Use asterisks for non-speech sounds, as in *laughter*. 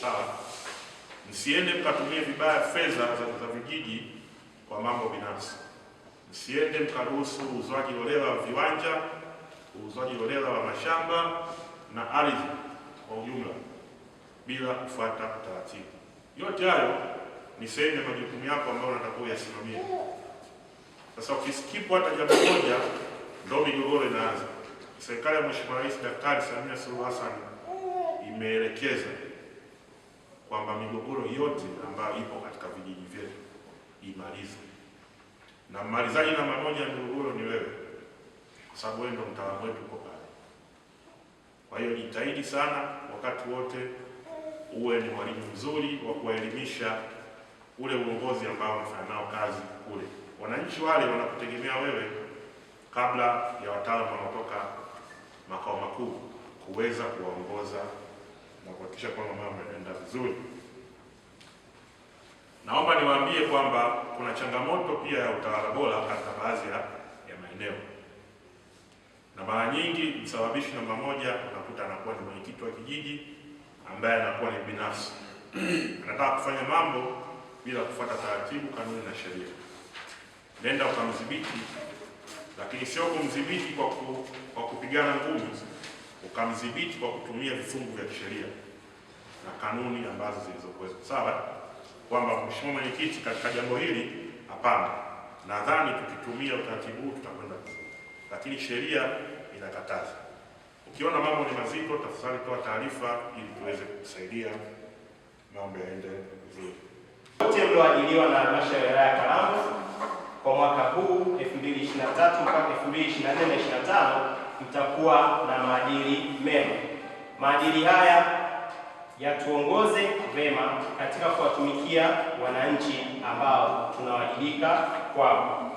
Sawa, msiende mkatumie vibaya fedha za vijiji kwa mambo binafsi. Msiende mkaruhusu uuzwaji holela wa viwanja, uuzwaji holela wa mashamba na ardhi kwa ujumla bila kufuata taratibu. Yote hayo ni sehemu ya majukumu yako ambayo unatakiwa uyasimamie. Sasa ukiskipu hata jambo moja, ndio migogoro inaanza. Serikali ya Mheshimiwa Rais Daktari Samia Suluhu Hassan imeelekeza kwamba migogoro yote ambayo ipo katika vijiji vyetu imalizwe, na mmalizaji namba moja ya migogoro ni wewe, kwa sababu wewe ndo mtaalamu wetu, uko pale. Kwa hiyo jitahidi sana wakati wote uwe ni mwalimu mzuri wa kuwaelimisha ule uongozi ambao unafanya nao kazi kule. Wananchi wale wanakutegemea wewe kabla ya wataalamu wanaotoka makao makuu kuweza kuwaongoza kuhakikisha kwamba mambo yanaenda vizuri. Naomba niwaambie kwamba kuna changamoto pia ya utawala bora katika baadhi ya maeneo, na mara nyingi msababishi namba moja unakuta anakuwa ni mwenyekiti wa kijiji ambaye anakuwa ni binafsi, *clears throat* anataka kufanya mambo bila kufuata taratibu, kanuni na sheria. Nenda ukamdhibiti, lakini sio kumdhibiti kwa, ku, kwa kupigana ngumi, ukamdhibiti kwa kutumia vifungu vya kisheria na kanuni ambazo zilizokuwepo. Sawa, kwamba mheshimiwa mwenyekiti, katika jambo hili hapana, nadhani tukitumia utaratibu huu tutakwenda vizuri, lakini sheria inakataza. Ukiona mambo ni mazito, tafadhali toa taarifa ili tuweze kusaidia mambo yaende vizuri. Wote mlioajiliwa na halmashauri ya wilaya ya Kalambo kwa mwaka huu 2023 mpaka 2024 na 25 mtakuwa na maadili mema. Maadili haya yatuongoze vema katika kuwatumikia wananchi ambao tunawajibika kwao.